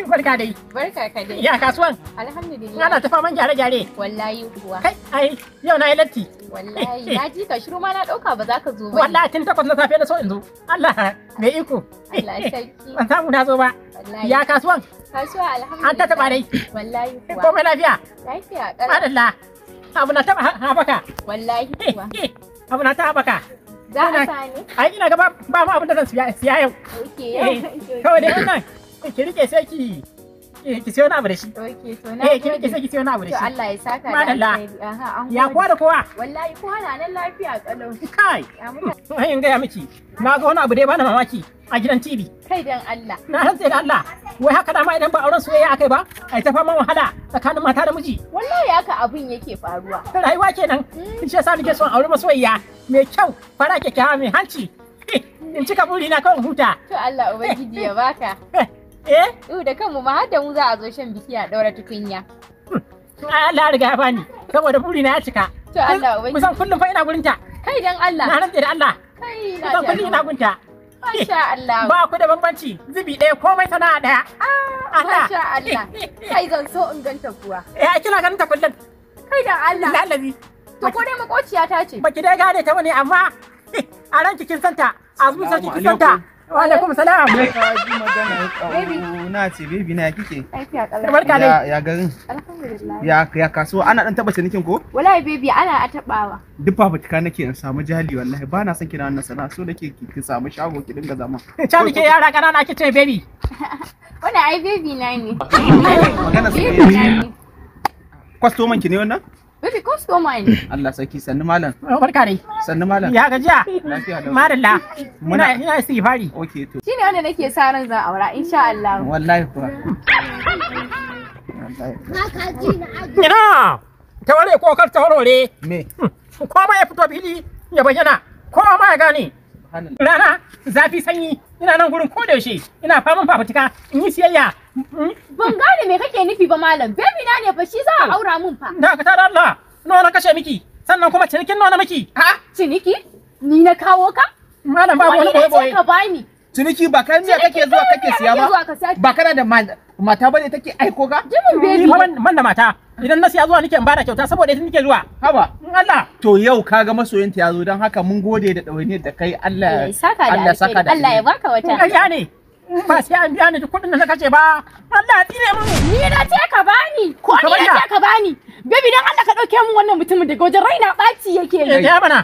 barka dai barka ka dai ya kasuwan alhamdulillah ana ta gyare gyare wallahi kuwa kai ai yau na yi latti wallahi na ji ka shiru ma na dauka ba za ka zo ba wallahi tun takwas na safe na so in zo Allah me iko Allah sarki ban samu na zo ba ya kasuwan kasuwa alhamdulillah an ta taba dai wallahi kuwa komai lafiya lafiya madalla abu na taba habaka wallahi eh, kuwa eh, abu na ta habaka Za a sani? Ai ina ga ba ma abin da zan siya siya yau. Okay eh, yau. Kawai dai wannan eh, ki rike sai ki ki siyo na abu da shi. Okay na. Eh ki rike sai ki siyo na abu da shi. To Allah ya saka da alheri. Ya kowa da kowa. Wallahi kowa na nan lafiya kalau. Kai. Mun ga ya miki. Na ga wani abu dai ba na mamaki. a gidan TV. Kai dan Allah. Na rantse da Allah. Wai haka dama idan ba auren soyayya akai ba, ai ta fama wahala tsakanin mata da miji. Wallahi haka abin yake faruwa. Ta Rayuwa kenan. Kin hmm. Shi sa nake son aure masoyiya mai kyau, fara kyakkyawa mai hanci. In cika buri na kawai huta. To Allah ubangiji ya baka. Eh? Uh da kanmu ma har da mu za a zo shan biki a daura tukunya. Hmm. Allah ya riga ya bani saboda buri na ya cika. To Allah ubangiji. Kusan kullum fa ina gurin ta. Kai dan Allah. Na rantse da Allah. Kai na. Kusan kullum ina gurin ta. Masha Allah. Ba ku da bambanci zubi ɗaya komai sana'a ɗaya. Ah, Allah. Masha Allah. Kai zan so in ganta kuwa. Eh kina ganin kullum. Kai da Allah. Lalabi. To ko dai makociya ta ce. Baki dai gane ta bane amma a ranki kin santa a zuciyarki kin santa. Wa alaikum salam. na ce baby na kike? Ya garin? Ya ya kasuwa ana dan taba cinikin ko? Wallahi baby ana a tabawa. Duk fafutuka nake in samu jali wallahi ba na son kina wannan sana'a so nake ki samu shago ki dinga zama. Can ke yara kanana kice baby. Wannan ai baby na ne. Magana su ne. Kwastoman ki ne wannan? so mai Allah sarki sannu malam barka dai sannu malam ya gajiya lafiya madalla muna ina istighfari okay to shine wanda nake sa ran zan aura insha Allah wallahi kuwa ina taware ko kar tawarore me hmm. koma ya fito fili ya bayyana koma ya gane rana zafi sanyi ina nan gurin ko da yaushe ina faman fafutuka in yi siyayya hmm? ban gane me kake nufi ba malam baby na ne fa shi za a aura mun fa da ka tada Allah nawa na kashe miki sannan kuma cinikin nawa na miki a ciniki ni na kawo ka malam ba wani boye boye ka bani ciniki ba kai miya kake zuwa kake siya ba ba kana da mata bane take aiko ka jimin bebi man da mata idan na siya zuwa nake in bada kyauta saboda ita nake zuwa haba in Allah to yau ga masoyinta ya zo don haka mun gode da ɗawainiyar da kai Allah eh, Allah saka da Allah ya baka wata ƙarya ne ba sai an biya ni kuɗin da na kace ba Allah ya tsire mu ni na ce ka bani ko ni na ce ka bani Baby dan Allah ka ɗauke min wannan mutumin daga wajen raina ɓaci yake yi. Eh, ya mana.